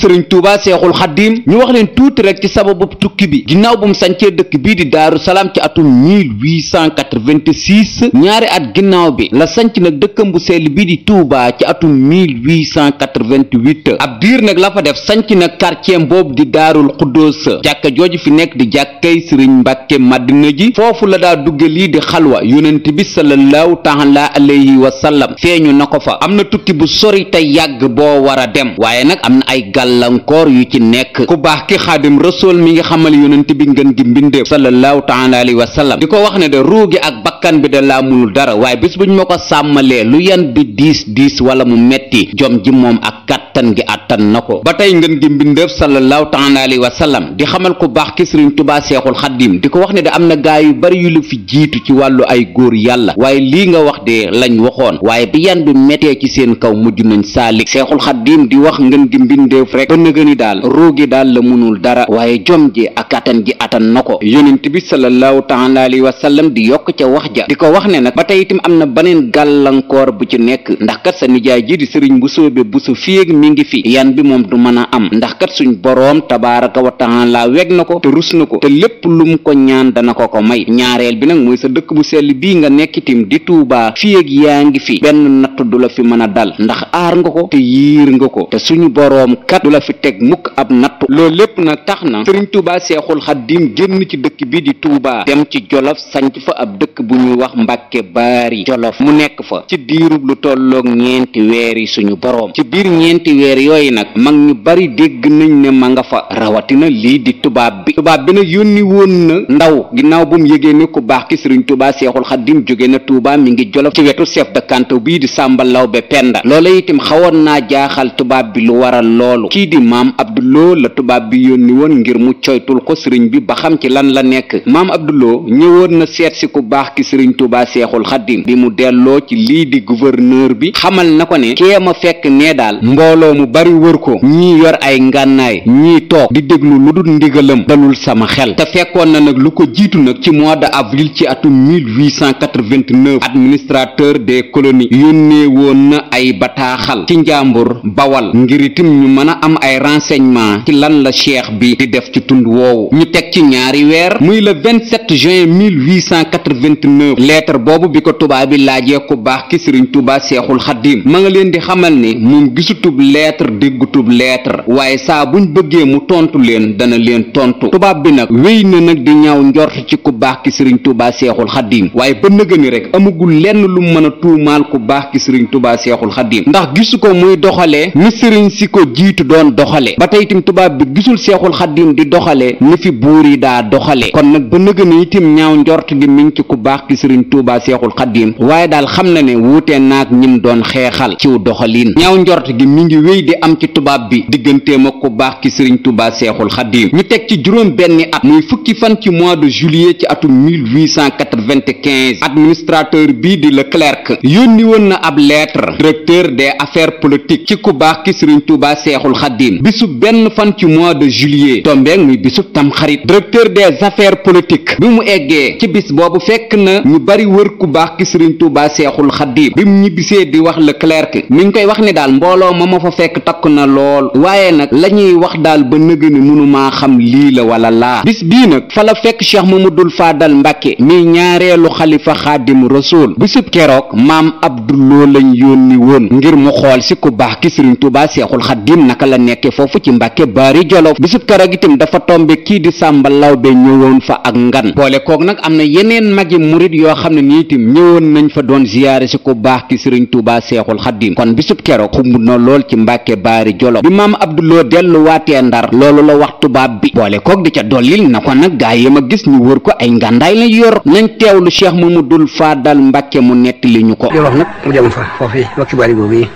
sëriñ tuuba seexul xaddiim ñu wax leen tuuti rek ci sababu tukki bi ginnaaw bu mu sancee dëkk bii di daaru salaam ci atum 1886 ñaari at ginnaw bi la sanc nag dëkkam bu sell bii di tuuba ci atum 1888 ab diir nag la fa def sànc nag quartier boobu di daarul xuddoos jàkka jooju fi nekk di jàkkay sëriñ mbàkke madina ji foofu la daa dugge lii di xalwa yonent bi sallallahu taala alayhi wa sallam feeñu na ko fa am na tukki bu sori te yàgg boo war a dem waaye nag am na ay gal gàllankoor yu ci nekk ku baax ki xaadim rasool mi ngi xamal yonent bi ngën gi mbindeef sallallahu taala alayhi wa sallam di ko wax ne de ruu ak bakk bakkan bi de laa munul dara waaye bis buñ ma ko sàmmalee lu yan bi diis diis wala mu metti jom ji moom ak kàttan gi àttan na ko ba tey ngeen gi mbindéef sallallahu taala alayhi wa sallam di xamal ku baax ki sëriñ tubaa seexul xaddim di ko wax ne da am na gaay yu bari yu lu fi jiitu ci wàllu ay góor yàlla waaye lii nga wax de lañ waxoon waaye bi yan bi mettee ci seen kaw mujj nañ saalik seexul xaddim di wax ngeen gi mbindéef rek ba nëgëni daal roogi daal la munul dara waaye jom ji wax ja di ko wax ne nag ba tey itam am na baneen gàllankoor bu ci nekk ndax kat sa nijaay ji di sëriñ bu soobe bu su fieg mi ngi fi yan bi moom du mën a am ndax kat suñ boroom tabaaraka wa taala weg na ko te rus na ko te lépp lu ko ñaan dana ko ko may ñaareel bi nag mooy sa dëkk bu sell bii nga nekk itam di tuubaa fieg yaa ngi fi benn natt du la fi mën a dal ndax aar nga ko te yiir nga ko te suñu boroom kat du la fi teg mukk ab nattu loolu lépp nag tax na sëriñ tuubaa seexul xaddim génn ci dëkk bi di tuubaa dem ci jolof sanc fa dëkk bu ñuy wax mbàkke jolof mu nekk fa ci diirub lu tolloog ñeenti weer yi suñu boroom ci biir ñeenti weer yooyu nag mag ñu bari dégg nañ ne ma nga fa rawatina lii di tubaab bi tubaab bi nag yónni woon na ndaw ginnaaw bu mu yëgee ne ku baax ki sëriñ tubaa seexul xaddim jóge na tuubaa mi ngi jolof ci wetu chef de bii di sàmba lawbe penda loola itam xawoon naa jaaxal tubaab bi lu waral loolu kii di maam abduloo la tubaab bi yónni woon ngir mu coytul ko sëriñ bi ba xam ci lan la nekk sëriñ tubaa seexul xaddim bi mu delloo ci lii di gouverneur bi xamal na ko ne kee ma fekk nee daal mbooloo mu bari wër ko ñii yor ay ngànnaay ñii toog di déglu lu dul ndigalam dalul sama xel te fekkoon na nag lu ko jiitu nag ci mois de avril ci atum 1889 administrateur des colonies yónnee woon na ay bataaxal ci njàmbur bawal ngir itam ñu mën a am ay renseignement ci lan la cheikh bi di def ci tund woowu ñu teg ci ñaari weer muy le juin 2009 lettre boobu bi ko tubaab bi laajee ku baax ki sëriñ Tuubaa Seexul Xaddiim mu nga leen di xamal ni moom gisutub lettre déggutub lettre waaye saa buñ bëggee mu tontu leen dana leen tontu tubaab bi nag wéy na nag di ñaw njort ci ku baax ki sëriñ Tuubaa Seexul Xaddiim waaye ba nëga ni rek amagul lenn lu mën a tuumaal ku baax ki sëriñ Tuubaa Seexul Xaddiim ndax gisu ko muy doxalee ni sëriñ si ko jiitu doon doxale ba tey itam tubaab bi gisul Seexul Xaddiim di doxale ni buur yi daa doxale kon nag ba nëga ni itam ñaaw njort gi mi ngi ci ku baax barki sëriñ tuuba seexul xaddiim waaye daal xam na ne wuute naag ñim doon xeexal ciw doxaliin ñaaw njort gi mu ngi wéy di am ci tubaab bi digganteem ak ku baax ki sëriñ tuuba seexul xaddiim ñu teg ci juróom benni at muy fukki fan ci mois de juillet ci atum 1895 administrateur bii di Leclerc yónni woon na ab leetre directeur de affaires politiques ci ku baax ki sëriñ tuuba seexul xaddiim bisub benn fan ci mois de juillet tombeeg muy bisub tamxarit directeur des affaires politiques na ñu bari wër ku baax ki sëriñ Tuubaa Seexul Xadiim bi mu ñibbisee di wax la Leclerc mi ngi koy wax ni daal mbooloo ma ma fa fekk takk na lool waaye nag la ñuy wax daal ba nëgë ni mënumaa xam lii la wala laa bis bii nag fa la fekk Cheikh dul Faadal Mbàkke mi ñaareelu xalifa Xaadimu Rasuul bisub keroog maam Abdu Lo lañ yónni woon ngir mu xool si ku baax ki sëriñ Tuubaa Seexul Xadiim naka la nekke foofu ci Mbàkke Baari Jolof bisub keroog itam dafa tombe kii di Sàmba Lawbe ñëwoon fa murit yoo xam ne nii itam ñëwoon nañ fa doon ziyaare si ku baax ki sëriñ Tuubaa Seexul Xaddiim kon bisub keroog xumb na lool ci Mbàkke Baari Jolof bi maam Abduloo delluwaatee Ndar loolu la wax tubaab bi boole koog di ca dollil na ko nag gaa yi ma gis ñu wër ko ay ngandaay la yor nañ teewlu Cheikh Mamadul Faadal Mbàkke mu nett li ñu ko Jolof nag mu dem fa foofu yi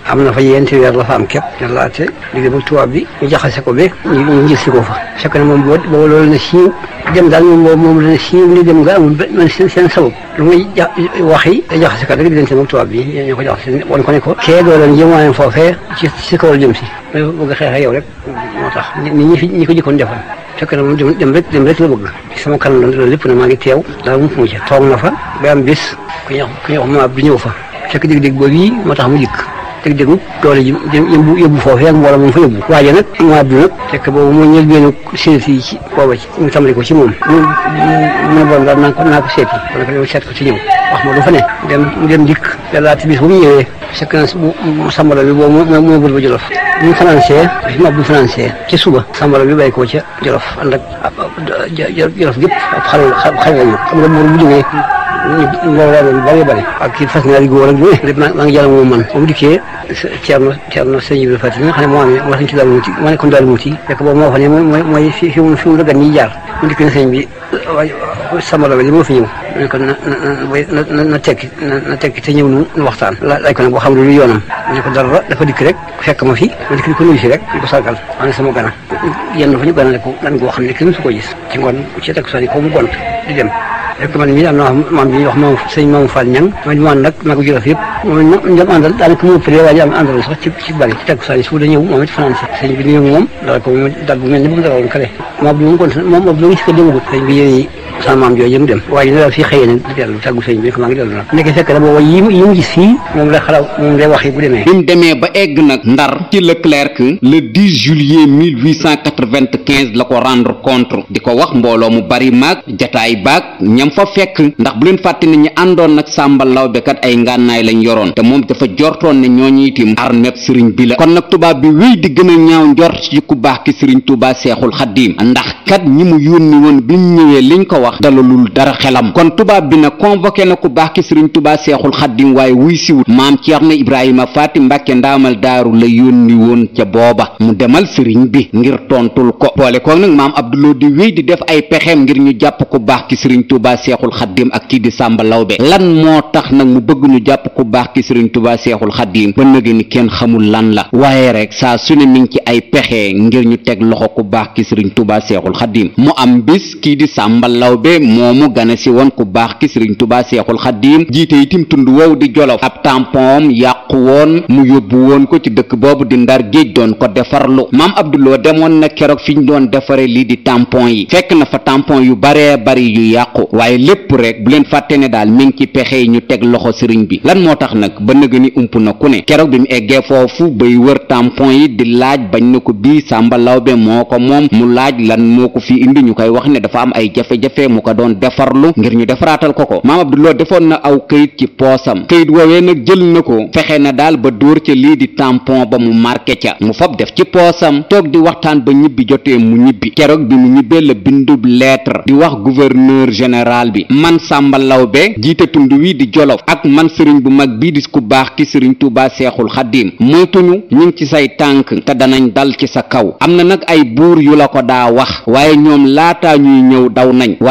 am na la fa am képp yàllaate liggéey bu tubaab bi ñu jaxase ko ba ñu ngir si ko fa fekk na moom boobu loolu na siiw dem daal moom boobu moom la siiw li dem nga amul seen seen lu muy ja wax yi day jaxase kat rek di leen si moom tubaab bi ñoo ko jaxase wan ko ko kee doo leen yëmwaayam foofee ci si kaw la jëm si mais bëgg xeex ak yow rek moo tax nit ñi ko jëkkoon defoon fekk na moom dem rek dem rek la bëgg sama kanam la loolu lépp na maa ngi teew daal mu mu ca toog na fa ba am bis ku ñuy wax ma ab du ñëw fa fekk dig-dig boobu yi moo tax mu jikk teg déggu doole ji yóbbu yóbbu foofee ak mbooloo moom fa yóbbu waaye nag mu àddu nag boobu moo ñël benn séensi yi ci booba ci ko ci moom mu ne bon daal naa ko naa ko seeti wala ko seet ko ci ñëw wax ma lu fa ne dem dem dikk yàlla timis bu mu ñëwee séquence bi boobu mooy bul ba jolof bu ñu financé bi ma bu ci suba sambala bi bay koo ca jolof ànd ak jolof gépp ab xale xale la ñu loolu bari bari ak ci fas naa di góor ak lu ne lépp maa ngi jàll moom man ba mu dikkee Thierno Thierno sëñ Ibrahima Fatick mi moo amee ci daal muuti ma ne moo fa ne mooy mooy fi fi bi waaye sama doole li moo fi ñëw ma ne kon na na na tekki na tekki te ñëw nu nu waxtaan laaj ko nag boo xam ne lu yoonam ma ne ko dara dafa dikk rek fekk ma fi ma dikk di ko nuyu si rek di ko sargal ma ne sama gana yenn fa ñu ganale ko gan goo xam ne kenn su ko gis ci ngoon ci takk soni ko mu gont di dem rek man mii daan na wax man mii wax moom sëñ Maodo Fall ñang ma ñu ànd ak maa ko jëloon yëpp moom ñu dem àndal daanaka mu ëppalee waa am àndal sax ci bari ci tegu saa yi su da ñëw fanaan si sëñ bi ñëw moom dara ko moom dal bu mel ni bu mu dara woon kale moom bu mu kon moom moom lu ngi si ko démagut sëñ bi yéen sama maam jooju mu dem waaye dina daal xëyee nag di dellu la xalaw moom lay wax yi bu demee bi mu demee ba la ko rendre compte di ko wax mbooloo mu bari maag jataay baag ñam fa fekk ndax bu leen fàtte ne ñi àndoon nag Sàmba Lawbe kat ay ngànnaay lañ yoroon te moom dafa jortoon ne ñooñu itim armeb sëriñ bi la kon nag tubaab bi wéy di gën a ñaaw njort baax ki sëriñ Tuubaa Seexul Xaddiim ndax kat ñi mu yónni woon bi mu ñëwee liñ ko wax wax dalalul dara xelam kon tubaab bi na convoqué na ku baax ki sëriñ tubaa seexul xaddim waaye wuy siwut maam ceerno ibrahima faati mbàkke ndaamal daaru la yónni woon ca booba mu demal sëriñ bi ngir tontul ko boole ko nag maam abduloo di wéy di def ay pexeem ngir ñu jàpp ku baax ki sëriñ tubaa seexul xaddim ak kii di sàmba lawbe lan moo tax nag mu bëgg ñu jàpp ku baax ki sëriñ tubaa seexul xaddim ba nëgë ni kenn xamul lan la waaye rek saa su ne mi ngi ci ay pexe ngir ñu teg loxo ku baax ki sëriñ tubaa seexul xaddim lawbe moomu gane si woon ku baax ki sëriñ tubaa seexul xaddiim jiite itim tund wow di jolof ab tampon yàqu woon mu yóbbu woon ko ci dëkk boobu di ndar géej doon ko defarlu maam abduloo demoon na keroog fi ñu doon defare lii di tampon yi fekk na fa tampon yu baree bari yu yàqu waaye lépp rek bu leen fàtte ne daal mi ci pexe yi ñu teg loxo sëriñ bi lan moo tax nag ba nëga ni ump na ku ne keroog bi mu eggee foofu bay wër tampon yi di laaj bañ na ko bii sàmba lawbe moo ko jotee mu ko doon defarlu ngir ñu defaraatal ko ko maam abduloo defoon na aw këyit ci poosam këyit woowee nag jël na ko fexe na daal ba dóor ca lii di tampon ba mu marqué ca mu fab def ci poosam toog di waxtaan ba ñibbi jotee mu ñibbi keroog bi mu ñibbee la bindub lettre di wax gouverneur général bi man Samba Lawbe jiite tund wi di jolof ak man sëriñ bu mag bii di ku baax ki sëriñ Tuubaa Seexul Xaddiim moytuñu ñu ngi ci say tànk te danañ dal ci sa kaw am na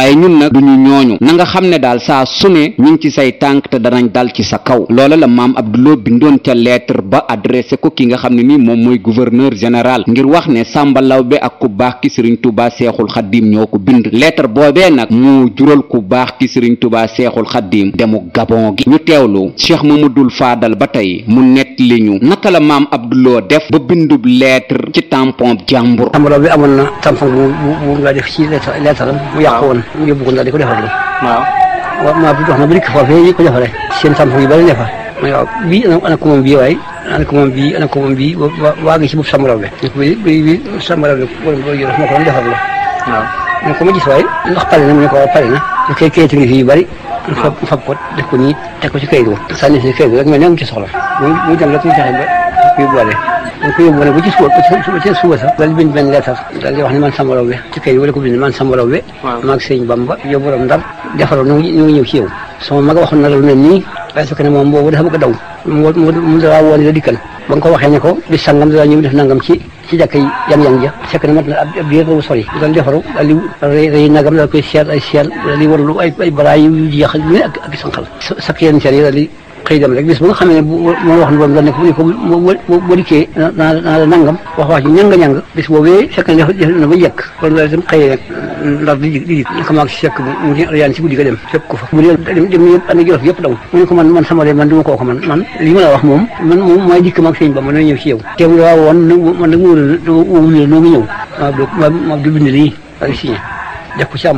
waaye ñun nag duñu ñooñu na nga xam ne daal saa su ne ñu ngi ci say tànk te danañ dal ci sa kaw loola la maam Abdoulou bindoon ca lettre ba adressé ko ki nga xam ne nii moom mooy gouverneur général ngir wax ne Samba Lawbe ak ku baax ki Serigne Touba Seexul Xaddiim ñoo ko bind lettre boobee nag mu jural ku baax ki Serigne Touba Seexul Xaddiim demu Gabon gi ñu teewlu Cheikh dul faadal ba tey mu nekk li ñu naka la maam Abdoulou def ba bindub lettre ci ci lettre mu yóbbu ko ndax di ko defar waaw waaw maa bi wax na bari ko foofee yi ko defaree seen samp yu bari ne fa ma ne waaw bii ana ko moom bii waaye ana ko moom ana ko moom bii waa ngi si bopp sàmm raw bi ne ko bi bi sàmm raw bi borom boo yore moo ko doon la waaw ne ma gis waaye ndax pare mu ne ko waaw pare na su kay kayit ngi fi yu bari fab ko def ko nii teg ko ci kayit wu sànni si kayit rek mel ne mu ci soxla mu dem rek mu fexe ba da koy boole da koy boole ba ci suba ba ci suba sax daal bind benn leetar daal di wax ne Bamba yow borom ndar defaroo ñu ngi ñu ngi ñëw ci yow sama mag waxoon na la lu mel nii waaye su ko ne moom boobu dafa bëgg a ko waxee ne ko bi nangam ci ci jàkka yang-yang ja fekk mat na ab biir bu sori daal defaru daal di rëy nagam daal koy seet ay seel daal di warlu ay ay baraay yu jeex lu ne ak ak sanqal sak yenn xëy dem rek bis ba nga xamee ne bu ma wax woon nga ne ko bu dikkee naa naa la nangam wax wax ji ñanga-ñang bis boobee fekk na na ba yekk kon loolu itam xëy rek ndax di jik di jik ko fa dem dem yëpp man sama de man du ma kooku man man li ma wax moom man moom maay dikk maag sëñ ba man na ñëw ci yow teewul waaw woon man nag wóor na wóor na noo ngi ñëw maa ma du bind lii ak signé def ko ci am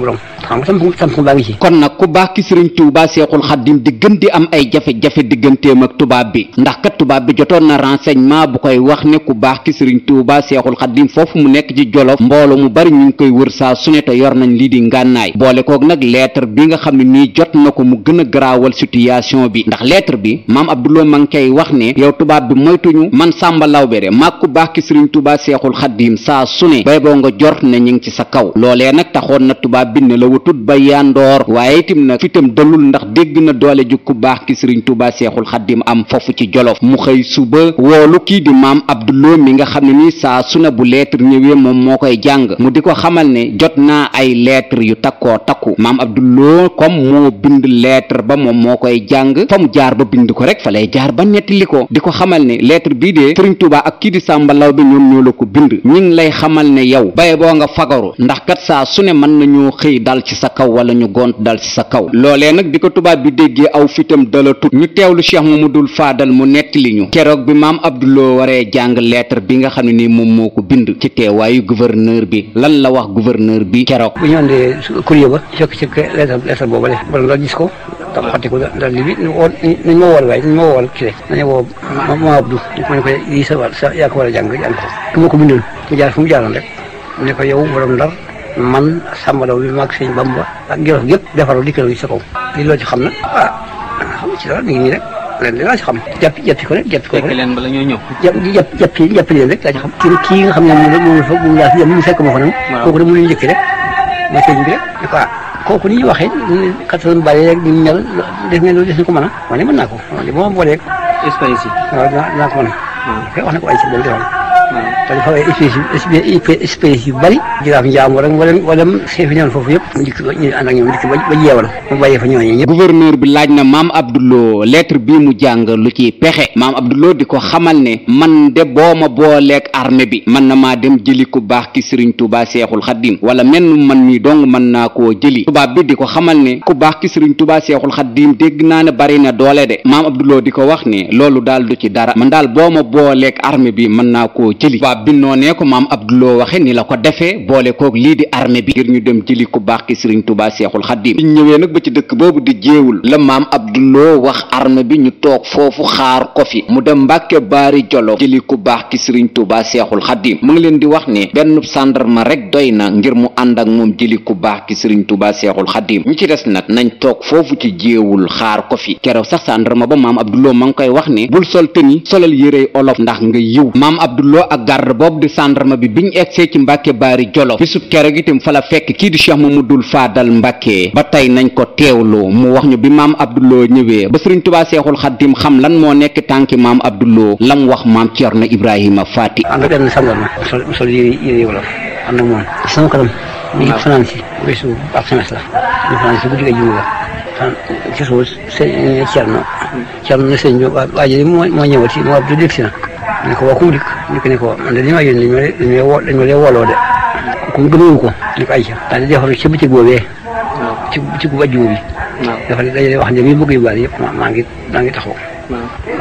xam nga Samsung Samsung kon nag ku baax ki sëriñ Tuubaa Seexul Xaddim di gën di am ay jafe-jafe digganteem ak tubaab bi ndax kat tubaab bi jotoon na renseignement bu koy wax ne ku baax ki sëriñ Tuubaa Seexul Xaddim foofu mu nekk ci Jolof mbooloo mu bari ñu ngi koy wër saa su ne yor nañ lii di ngànnaay boole koog nag lettre bi nga xam ne nii jot na ko mu gën a garaawal situation bi ndax lettre bi maam Abdoulaye ma ngi koy wax ne yow tubaab bi moytuñu man Sàmba Lawbere maag ku baax ki sëriñ Tuubaa Seexul Xaddim saa su ne bay boo nga jor ne ñu ngi ci sa kaw loolee nag taxoon na tubaab bi wutut ba yandoor waaye itam nag fitam dalul ndax dégg na doole ju ku baax ki sëriñ Tuubaa Seexul Xaddim am foofu ci Jolof mu xëy suba woolu kii di maam Abdullo mi nga xam ne ni saa su ne bu lettre ñëwee moom moo koy jàng mu di ko xamal ne jot naa ay lettre yu takkoo takku maam Abdullo comme moo bind lettre ba moom moo koy jàng fa mu jaar ba bind ko rek fa lay jaar ba nettali ko di ko xamal ne lettre bii dee sëriñ Tuubaa ak kii di Sàmba Lawbe ñoom ñoo la ko bind ñi ngi lay yow ci sa kaw walla ñu gont dal ci sa kaw loole nag bi ko tubaab bi déggee aw fitam dala ñu teew lu mamadul faadal mu nett li ñu keroog bi maam abduloo waree jàng lettre bi nga xam ne ni moom moo ko bind ci teewaayu gouverneur bi lan la wax gouverneur bi keroog bu ñu andee courrier ba fekk ci lettre ko ko dal li bi yaa ko war a jàng ki ma ko bindoon mu jaar fu mu jaaroon rek ndar man sàmbalaw bi mag sëñ Bamba ak Jolof yëpp defaru dikkaloo yi sa kaw li loo ci xam na ah xam ci dara mi ngi rek leen li xam jàpp jàppi ko rek jàppi ko rek fekk leen bala ñoo ñëw jàpp jàpp jàpp leen rek laa ci xam nga xam ne moom moom fa moom laa fi mu fekk ma fa nag kooku de mu ñu njëkki rek ma sëñ bi rek quoi ah, kooku ni ñu waxee kattan bari rek ni mel def ngeen ko mën a ma ne mën naa ko li ma booleeg espagnol si ko mën a wax na ko ay si te dafa ay espèces espèces yu bari jiraaf njaambur ak wala wala xeef yi foofu yëpp mu dikk ñu bi laaj na maam Abdoulou lettre bii mu jàng lu ci pexe maam Abdoulou di ko xamal ne man de boo ma booleeg armée bi man na maa dem jëli ku baax ki Serigne Touba Seexul Xaddim wala menn man mi dong mën naa ko jëli tubaab bi di ko xamal ne ku baax ki Serigne Touba Seexul Xaddim dégg naa ne bari na doole de maam Abdoulou di ko wax ne loolu daal du ci dara man daal boo ma booleeg armée bi mën naa koo jëli tubaab bi noonee ko maam abduloo waxe ni la ko defee boole koog lii di armée bi ngir ñu dem jëli ku baax ki sëriñ tubaa seexul xaddim biñ ñëwee nag ba ci dëkk boobu di la maam abduloo wax armée bi ñu toog foofu xaar ko fi mu dem mbàkke baari jolof jëli ku baax ki sëriñ tubaa seexul xaddim mu ngi leen di wax ne benn sàndarma rek doy na ngir mu ànd ak moom jëli ku baax ki sëriñ tubaa seexul xaddim ñi ci des nag nañ toog foofu ci jéewul xaar ko fi keroog sax sàndarma ba maam abduloo ma ngi koy wax ne bul sol tëni solal yérey olof ndax nga yiw garde boobu di gendarme bi biñ egsee ci mbàkke baari jolof bisub keroog itam fa la fekk kii di cheikh mamadul faadal mbàkke ba tey nañ ko teewlu mu wax ñu bi maam abduloo ñëwee ba sëriñ tubaa seexul xaddim xam lan moo nekk tànki maam abduloo lam wax maam ceerno ibrahima faati ànd ak benn sangal ma sol sol yére yére wolof ànd ak moom sama kanam mi ngi fanaan si weesu ab a la ñu fanaan si guddi ay juma la ci suuf sëñ Cerno Cerno na sëñ bi waa ji moo moo ñëwal si moo ab du dégg si na ne ko waa ku mu dikk ne ko ne ko man de li ma yónni dañu ma dañu ma lee woloo de ku mu gëmewu ko ne ko ayca daal di defaru ci bëccëg boobee ci ci gu ajjuma bi dafa dajale wax ne mi bëgg yu bari yëpp maa ngi maa ngi taxaw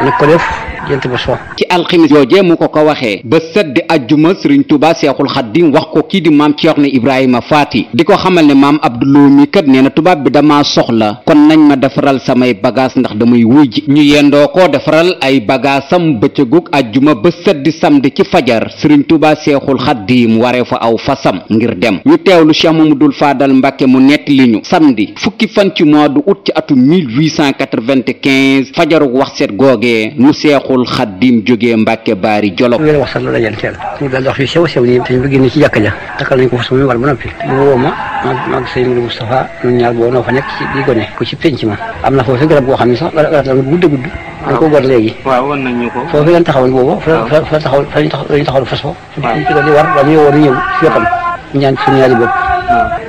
nag ko def jënt bés ba ci alximis joojee mu ko ko waxee ba sedd ajjuma sëriñ tuuba seexul xaddim wax ko kii di maam ceerno ibrahima faati di ko xamal ne maam abduloo mi kat nee na tubaab bi dama soxla kon nañ ma defaral samay bagage ndax damay wuy ji ñu yendoo ko defaral ay bagaasam bëccëgug ajjuma ba seddi samedi ci fajar sëriñ tuuba seexul xaddim waree fa aw fasam ngir dem ñu teewlu cheikh dul faadal mbàkke mu netti li ñu samedi fukki fan ci mois d'août ci atum 1895 fajarug wax googee mu seexu seexul xaddim jógee mbàkke baari jolof leen wax sax la leen teel ñu daal dox yu sew sew nii te ñu bëgg ni ci jàkka ja takkal nañ ko fa suñu wal ba noppi mu woo ma ma maag sëñ Modou Moustapha ñun ñaar boo noo fa nekk ci di gone ko ci penc ma am na foofu garab goo xam ne sax garab la gudd gudd dañ ko gor léegi waaw wan nañ ñu foofu lañ taxawal boobu fa fa taxawal fa lañ taxawal fas fa ci ko di war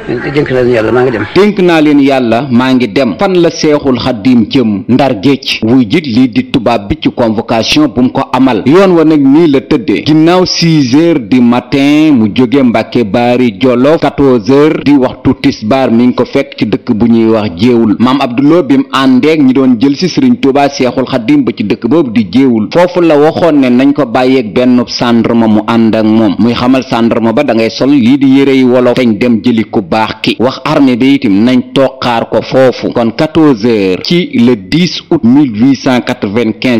dénk naa leen yàlla maa dem. dénk naa leen yàlla maa ngi dem. fan la seexul xaddiim jëm. ndar géej. wuy jit lii di tubaab bi ci convocation bu ko amal. yoon wa nag nii la tëddee. ginnaaw six heures du matin mu jóge Mbàkke Baari Jolof quatorze heures di waxtu tisbaar mi ngi ko fekk ci dëkk bu ñuy wax jéewul maam Abdoulaye bi mu àndeek ñi doon jël si Sëriñ Tuubaa seexul xaddiim ba ci dëkk boobu di jéewul foofu la waxoon ne nañ ko bàyyeeg benn sàndarma mu ànd ak moom muy xamal sàndarma ba da sol lii di yére yi wolof teñ dem jël li ku baax ki wax armée bi itam nañ toog xaar ko foofu kon 14 heures ci le 10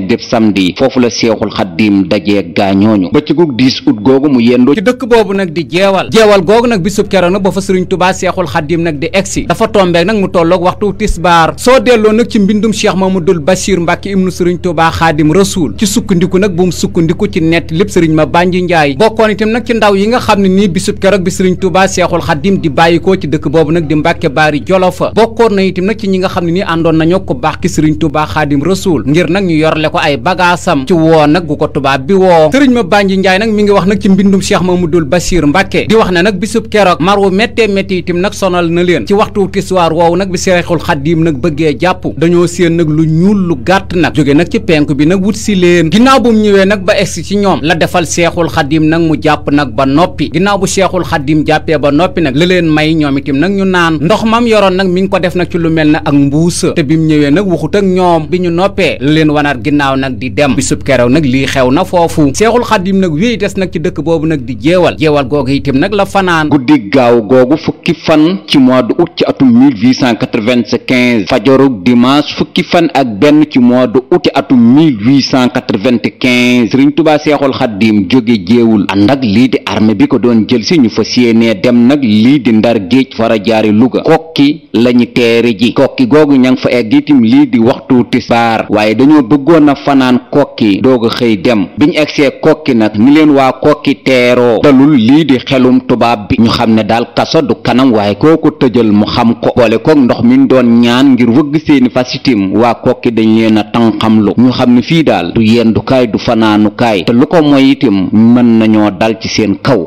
def samedi foofu la seexul xaddiim dajee gaañooñu ba ci gug 10 août googu mu yendoo ci dëkk boobu nag di jeewal jeewal googu nag bisub kero nag ba fa sëriñ tubaa seexul xaddiim nag di egsi dafa tombeek nag mu tolloog waxtu tisbaar soo delloo nag ci mbindum cheikh mamadul bachir mbàkke ibnu sëriñ tubaa xaadim rasuul ci sukkandiku nag bu mu sukkandiku ci nett lépp sëriñ ma bànji njaay bokkoon itam nag ci ndaw yi nga ne nii bisub keroog bi sëriñ tubaa seexul xaddiim itim di bàyyikoo ci dëkk boobu nag di Mbàkke Baari Jolofa bokkoon na itim nag ci ñi nga xam ne ni àndoon nañoo ko baax ki Sëriñ Tuubaa Xaadim Rasuul ngir nag ñu yorle ko ay bagaasam ci woo nag gu ko tubaab bi woo sëriñ ma Banji Njaay nag mi ngi wax nag ci mbindum Cheikh Mamadul Bachir Mbàkke di wax na nag bisub keroog mar wu méttee métti itim nag sonal na leen ci waxtu tiswaar woowu nag bi Seexul Xaadim nag bëggee jàpp dañoo séen nag lu ñuul lu gàtt nag jóge nag ci penku bi nag wut si leen ginnaaw bu mu ñëwee nag ba egsi ci ñoom la defal Seexul Xaadim nag mu jàpp nag ba noppi ginnaaw bu Seexul Xaadim jàppee la leen may ñoom itam nag ñu naan ndox mam yoroon nag mi ngi ko def nag ci lu mel na ak mbuus te bi mu ñëwee nag waxut ak ñoom bi ñu noppee la leen wanaat ginnaaw nag di dem bisub kerew nag lii xew na foofu seexul xadim nag wéy des nag ci dëkk boobu nag di jeewal jeewal googu itam nag la fanaan guddi gaaw googu fukki fan ci mois de août ci atum 1895 fajorug dimanche fukki fan ak benn ci mois de août ci atum 1895 sëriñ tubaa seexul xadim jóge jéewul ànd ak lii di armée bi ko doon jël si ñu fas yéenee dem nag lii bii di ndar géej a jaari luga kokki lañu teere ji kokki googu ña ngi fa egg itam lii di waxtu tisbaar waaye dañoo bëggoon a fanaan kokki doog a xëy dem biñ egsee kokki nag ni leen waa kokki teeroo dalul lii di xelum tubaab bi ñu xam ne daal kaso du kanam waaye koo ko tëjal mu xam ko boole koog ndox min doon ñaan ngir wëgg seeni fas itam waa kokki dañ leen a tànxamlu ñu xam ne fii daal du yendukaay du fanaanukaay te lu ko mooy itam mën nañoo dal ci kaw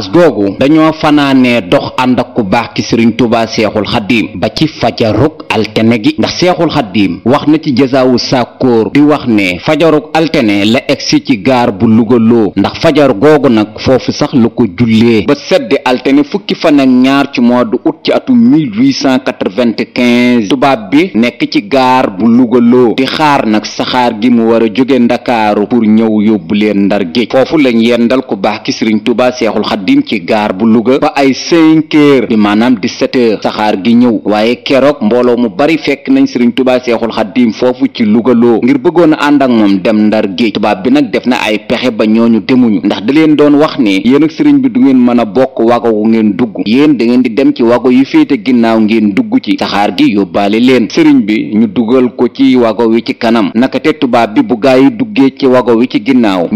dimanche googu dañoo fanaanee dox ànd ak ku baax ki sëriñ tubaa seexul xaddiim ba ci fajarug altene gi ndax seexul xaddiim wax na ci jasaawu sàkkóor di wax ne fajarug altene la egsi ci gaar bu lugaloo ndax fajar googu nag foofu sax lu ko jullee ba sedd altene fukki fan ñaar ci mois de août ci atum 1895 tubaab bi nekk ci gaar bu lugaloo di xaar nag saxaar gi mu war a jóge ndakaaru pour ñëw yóbbu leen ndar géej foofu lañ yendal ku baax ki sëriñ tubaa seexul Khadim ci gaar bu Louga ba ay cinq heures bi maanaam di sept saxaar gi ñëw waaye keroog mbooloo mu bari fekk nañ sëriñ Touba Seexul Khadim foofu ci Louga loo ngir bëggoon a ànd moom dem ndar géej tubaab bi nag def na ay pexe ba ñooñu demuñu ndax da leen doon wax ni yéen ak sëriñ bi du ngeen mën a bokk wago wu ngeen dugg yéen dangeen di dem ci wago yu féete ginnaaw ngeen dugg ci saxaar gi yóbbaale leen sëriñ bi ñu dugal ko ci wago wi ci kanam naka te tubaab bi bu gaa yi duggee ci wago wi ci ginnaaw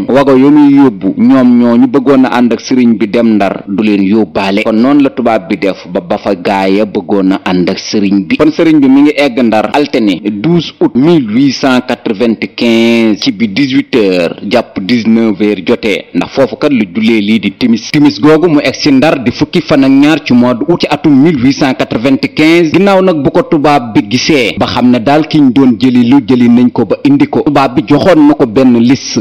moom wago yu muy yóbbu ñoom ñoo ñu bëggoon a ànd ak sëriñ bi dem ndar du leen yóbbaale kon noonu la tubaab bi def ba ba fa gaaya bëggoon a ànd ak sëriñ bi kon sëriñ bi mi ngi egg ndar altine 12 août 1895 ci bi 18 heures jàpp 19 heures jotee ndax foofu kat lu jullee lii di timis timis googu mu egg si ndar di fukki fan ak ñaar ci mois d'août ci atum 1895 ginnaaw nag bu ko tubaab bi gisee ba xam ne daal ki ñu doon jëli lu jëli nañ ko ba indi ko tubaab bi joxoon na ko benn liste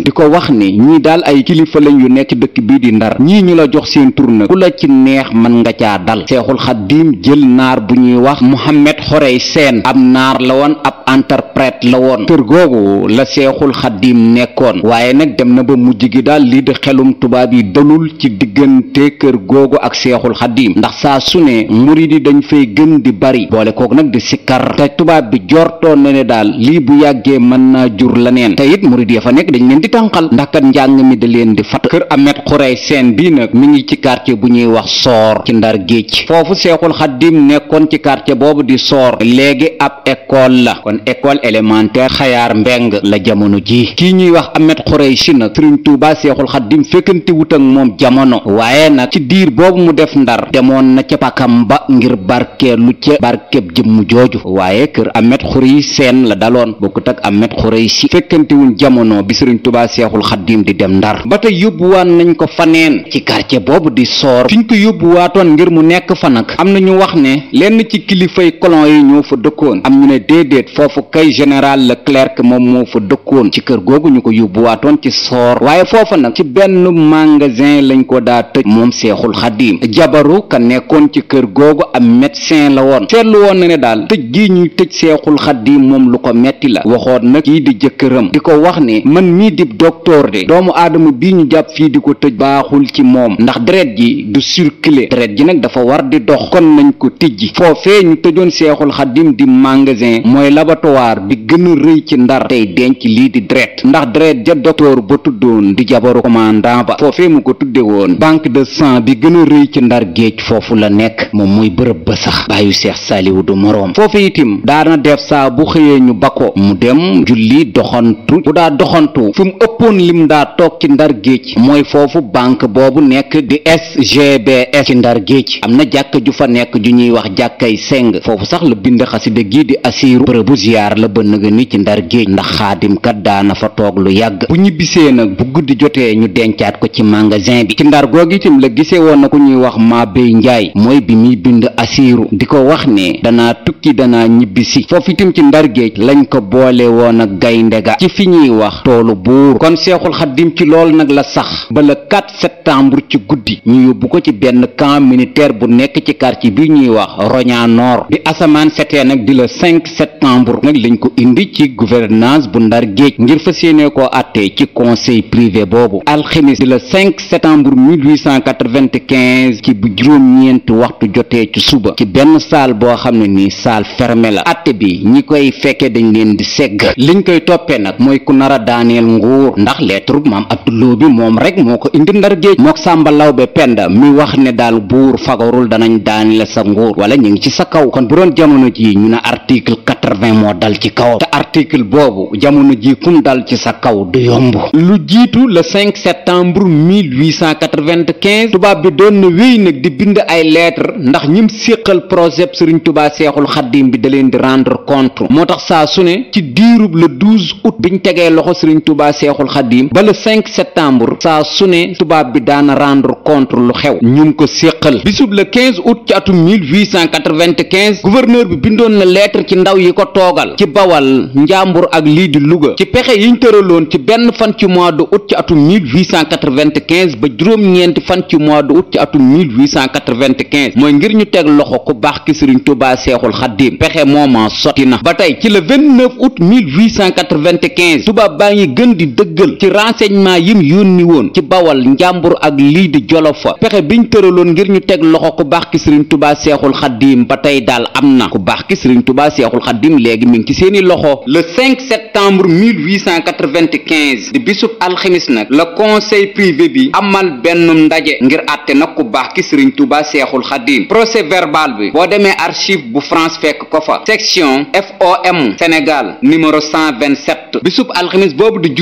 yi ñii daal ay kilifa lañ yu nekk dëkk bii di ndar ñii ñu la jox seen tur nag ku la ci neex mën nga caa dal seexul xaddiim jël naar bu ñuy wax Mohammed Xorey Seen ab naar la woon ab interprète la woon kër googu la seexul xaddiim nekkoon waaye nag dem na ba mujj gi daal lii di xelum tubaab yi dalul ci diggante kër googu ak seexul xaddiim ndax saa su ne murid yi dañ fay gën di bari boole kook nag di sikkar te tubaab bi jortoon na ne daal lii bu yàggee mën naa jur leneen kat njàng mi da leen di fat kër Ahmed Khuree Sène bii nag mi ngi ci quartier bu ñuy wax soor ci ndar géej foofu seexul xaddim nekkoon ci quartier boobu di soor léegi ab ekool la kon école élémentaire xayaar mbeng la jamono ji kii ñuy wax Ahmed Khuree si nag Sëriñ Tuubaa seexul xaddim fekkante wut ak moom jamono waaye nag ci diir boobu mu def ndar demoon na ca pakam ba ngir barkeelu ca barkeb jëmm jooju waaye kër Ahmed Khuree Sène la daloon bokkut ak Ahmed Khuree xaadim di dem ndar ba tey yóbbuwaat nañ ko faneen ci quartier boobu di soor fiñ ko yóbbuwaatoon ngir mu nekk fa nag am na ñu wax ne lenn ci kilifay colon yi ñoo fa dëkkoon am ñu ne déedéet foofu kay général Leclerc moom moo fa dëkkoon ci kër googu ñu ko yóbbuwaatoon ci soor waaye foofa nag ci benn magasin lañ ko daa tëj moom seexul xaadim jabaru ka nekkoon ci kër googu am médecin la woon seetlu woon na ne daal tëj gi ñuy tëj seexul xaadim moom lu ko metti la waxoon nag kii débordé doomu aadama bii ñu jàpp fii di ko tëj baaxul ci moom ndax deret ji du circuler deret ji nag dafa war di dox kon nañ ko tijji foofee ñu tëjoon seexul xadim di magasin mooy laboratoire bi gën a rëy ci ndar tey denc lii di deret ndax deret ja docteur ba tuddoon di jabaru commandant ba foofee mu ko tudde woon banque de sant bi gën a rëy ci ndar géej foofu la nekk moom mooy bërëb ba sax bàyyu seex saaliwu du moroom foofu itim daana def saa bu xëyee ñu bako mu dem julli ëppoon lim daa toog ci ndar géej mooy foofu banque boobu nekk di SGBS ci ndar géej am na jàkk ju fa nekk ju ñuy wax jàkkay seng foofu sax la bind xasida gii di asiiru bërëbu ziyaar la bënn nëga ni ci ndar géej ndax xaadimkat daana fa toog lu yàgg bu ñibbisee nag bu guddi jotee ñu dencaat ko ci magasin bi ci ndar googu itam la gisee woon na ku ñuy wax maa béy njaay mooy bi muy bind asiiru di ko wax ne danaa tukki dana ñibbisi foofu itam ci ndar géej lañ ko boole woon ak gaynde ga kon seexul xaddim ci lool nag la sax ba le 4 septembre ci guddi ñu yóbbu ko ci benn camp militaire bu nekk ci quartier bi ñuy wax Roña Nord bi asamaan setee nag di la 5 septembre nag lañ ko indi ci gouvernance bu ndar géej ngir fas yéene ko àttee ci conseil privé boobu alxemis di le 5 septembre 1895 ci bu juróom-ñeenti waxtu jotee ci suba ci benn salle boo xam ne nii salle fermée la àtte bi ñi koy fekkee dañ leen di segg liñ koy toppee nag mooy ku nar a daaneel ndax lettre maam Abdou Lo bi moom rek moo ko indi ndar géej mook Samba Lawbe Penda mi wax ne daal buur fagarul danañ daani la sa nguur wala ñu ngi ci sa kaw kon bu doon jamono jii ñu ne article 80 moo dal ci kaw te article boobu jamono jii kum dal ci sa kaw du yomb lu jiitu le 5 septembre 1895 tubaab bi doon na wéy nag di bind ay lettre ndax ñim séqal projet Serigne Touba Seexul Xaddim bi da leen di rendre compte moo tax saa su ne ci diirub le 12 août biñ tegee loxo Serigne Touba Seexul xadim ba le 5 septembre saa su ne tubaab bi daana rendre compte lu xew ñun ko séqal bisub le 15 août ci atum 1895 gouverneur bi bindoon na lettre ci ndaw yi ko toogal ci bawal njàmbur ak lii di Louga ci pexe yiñ tëraloon ci benn fan ci mois de août ci atum 1895 ba juróom-ñeenti fan ci mois de août ci atum 1895 mooy ngir ñu teg loxo ku baax ki Sëriñ Tuubaa Seexul Xaddiim pexe mooma sotti na ba tey ci le 29 août 1895 tubaab baa ngi gën di dëgg dëggal ci renseignement yim yónni woon ci bawal njàmbur ak lii di jolo fa pexe biñ tëraloon ngir ñu teg loxo ku baax ki sëriñ tubaa seexul xaddiim ba tey daal am na ku baax ki sëriñ tubaa seexul xaddiim léegi mi ngi ci seeni loxo le 5 septembre 1895 di bisub alxemis nag la conseil privé bi amal benn ndaje ngir àtte nag ku baax ki sëriñ tubaa seexul xaddiim procès verbal bi boo demee archive bu France fekk ko fa section FOM Sénégal numéro 127 bisub alxemis boobu di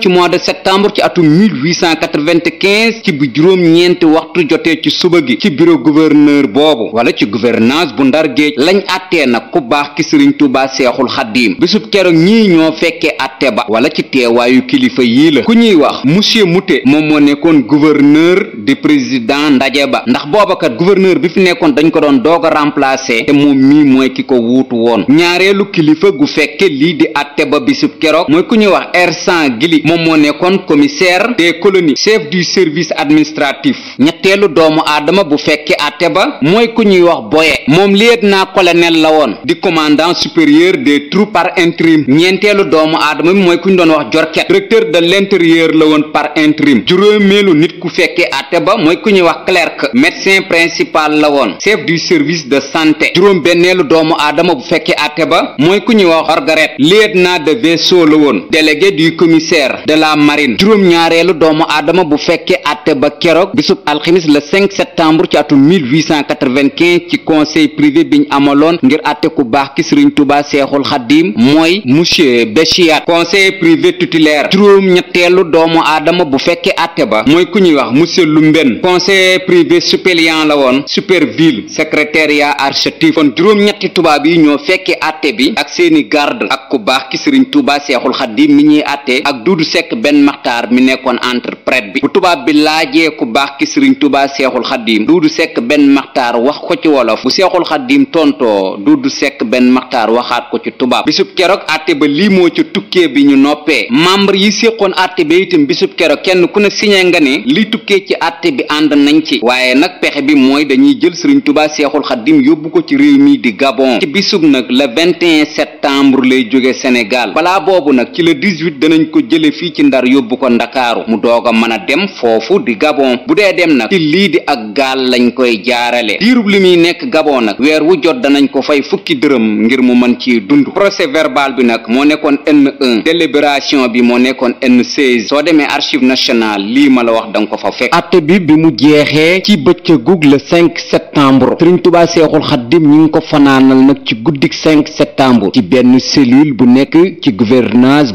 ci mois de septembre ci atum 1895 ci bu juróom-ñeenti waxtu jotee ci suba gi ci bureau gouverneur boobu wala ci gouvernance bu ndar géej lañ àttee nag ku baax ki sëriñ Tuubaa seexul xaddiim bisub keroog ñii ñoo fekkee àtte ba wala ci teewaayu kilifa yii la ku ñuy wax monsieur Mouté moom moo nekkoon gouverneur di président ndaje ba ndax boobakat gouverneur bi fi nekkoon dañ ko doon doog a remplacer te moom mii mooy ki ko wuutu woon ñaareelu kilifa gu fekke lii di Guèye moom moo nekkoon commissaire des colonies chef du service administratif ñetteelu doomu aadama bu fekkee àtte ba mooy ku ñuy wax boye moom lieutenant colonel la woon di commandant supérieur de troupes par intérim ñeenteelu doomu aadama bi mooy ku ñu doon wax jorket directeur de l'intérieur la woon par intérim juróomeelu nit ku fekkee àtte ba mooy ku ñuy wax clerc médecin principal la woon chef du service de santé juróom benneelu doomu aadama bu fekkee àtte ba mooy ku ñuy wax orgaret lieutenant de vaisseau ministère de la marine juróom-ñaareelu doomu aadama bu fekkee atte ba keroog bisub alxamis la 5 septembre ci atum 1895 ci conseil privé biñ amaloon ngir atte ku baax ki sëriñ Tuubaa Seexul Xaddiim mooy monsieur Béchiat conseil privé tutélaire juróom-ñetteelu doomu aadama bu fekkee atte ba mooy ku ñuy wax monsieur Lumben conseil privé suppléant la woon superville secrétariat architif kon juróom-ñetti tubaab yi ñoo fekkee atte bi ak seeni garde ak ku baax ki sëriñ Tuubaa Seexul Moodu Sekk benn maxtaar mi nekkoon entre prêtre bi bu tubaab bi laajee ku baax ki sëriñ tubaa seexul xaddiim du sekk benn maxtaar wax ko ci wolof bu seexul xaddiim tontoo du du sekk benn maxtaar waxaat ko ci tubaab bisub keroog àtte ba lii moo ci tukkee bi ñu noppee membre yi séqoon àtte ba itam bisub keroog kenn ku ne siñee nga ne lii tukkee ci àtte bi ànd nañ ci waaye nag pexe bi mooy dañuy jël sëriñ tubaa seexul xaddiim yóbbu ko ci réew mii di Gabon ci bisub nag le 21 septembre lay jóge Sénégal jóge fii ci ndar yóbbu ko ndakaaru mu doog a mën a dem foofu di gabon bu dee dem nag ci lii di ak gaal lañ koy jaarale diirub li muy nekk gabon nag weer wu jot danañ ko fay fukki dërëm ngir mu mën ci dund procès verbal bi nag moo nekkoon N1 délibération bi moo nekkoon enn 16 soo demee archive nationale lii ma la wax danga ko fa fekk atte bi bi mu jeexee ci bëccëgug le 5 septembre Sëriñ Tuubaa Seexul Xaddim ñi ngi ko fanaanal nag ci guddik 5 septembre ci benn cellule bu nekk ci gouvernance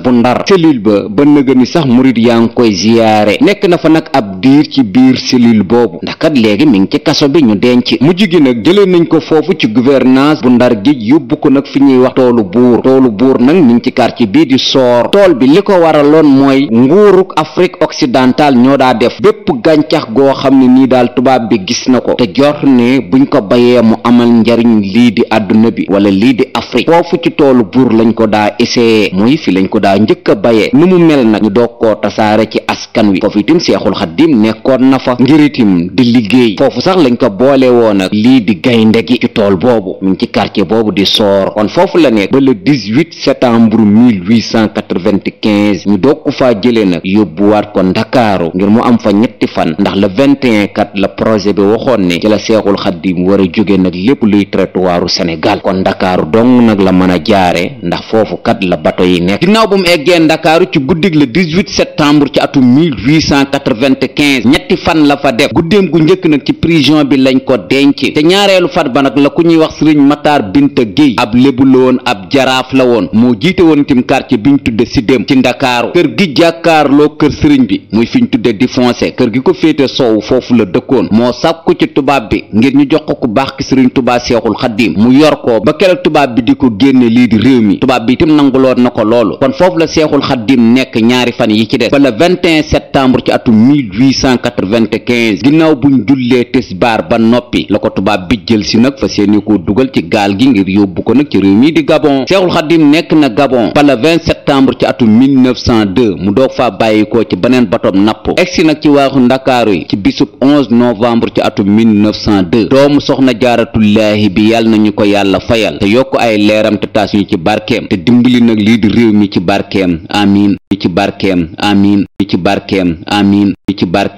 ba nëga ni sax murit yaa ngi koy ziyaare nekk na fa nag ab diir ci biir cellule boobu ndax kat léegi mi ngi ci kaso bi ñu denc mujj gi nag jëlee nañ ko foofu ci gouvernance bu ndar gi yóbbu ko nag fi ñuy wax toolu buur toolu buur nag mi ngi ci quartier bii di soor tool bi li ko waraloon mooy nguuruk Afrique occidentale ñoo daa def bépp gàncax goo xam ne nii daal tubaab bi gis na ko te jor ne buñ ko bayee mu amal njariñ lii di àdduna bi wala lii di Afrique foofu ci toolu buur lañ ko daa essayé muy fi lañ ko mel nag ñu doog koo tasaare ci askan wi foofu fa ngir itim di liggéey foofu sax lañ ko boole woon ak lii di gaynde gi tool boobu mu ngi ci quartier boobu di soor kon foofu la nekk ba le 18 septembre 1895 ñu doog ko faa jëlee nag yóbbuwaat ko ndakaaru ngir mu am fa ñetti fan ndax la 21 kat la projet bi waxoon ne ci la seexul mu war a jóge nag lépp luy territoire Sénégal kon ndakaaru dong nag la mën a jaare ndax foofu kat la bato yi nekk ginnaaw bu mu eggee ndakaaru ci guddi guddig le 18 septembre ci atum 1895 ñetti fan la fa def guddeem gu njëkk nag ci prison bi lañ ko denc te ñaareelu fat ba nag la ku ñuy wax sëriñ Matar Binta Guèye ab lébu la woon ab jaraaf la woon moo jiite woon tim bi ñu tudde Sidem ci Ndakaaru kër gi jàkkaarloo kër sëriñ bi muy fiñ tudde di foncé kër gi ko féete soowu foofu la dëkkoon moo sàkku ci tubaab bi ngir ñu jox ko ku baax ki sëriñ tubaa seexul xaddiim mu yor ko ba keroog tubaab bi di ko génne lii réew mi tubaab nekk ñaari fan yi ci des ba le 21 septembre ci atum 1895 ginnaaw buñ jullee tisbaar ba noppi la ko tubaab bi jël si nag fa seeni ko dugal ci gaal gi ngir yóbbu ko nag ci réew mi di Gabon Seexul Xadim nekk na Gabon ba le 20 septembre ci atum 1902 mu doog faa bàyyikoo ci beneen batoom napp egsi nag ci waaxu ndakaaru yi ci bisub 11 novembre ci atum 1902 doomu soxna jaaratullaahi bi yàlla nañu ko yàlla fayal te yokk ay leeram te taas ci barkeem te dimbali nag lii di réew mi ci barkeem amiin ci barkeem amiin ci barkeem amiin ci barkeem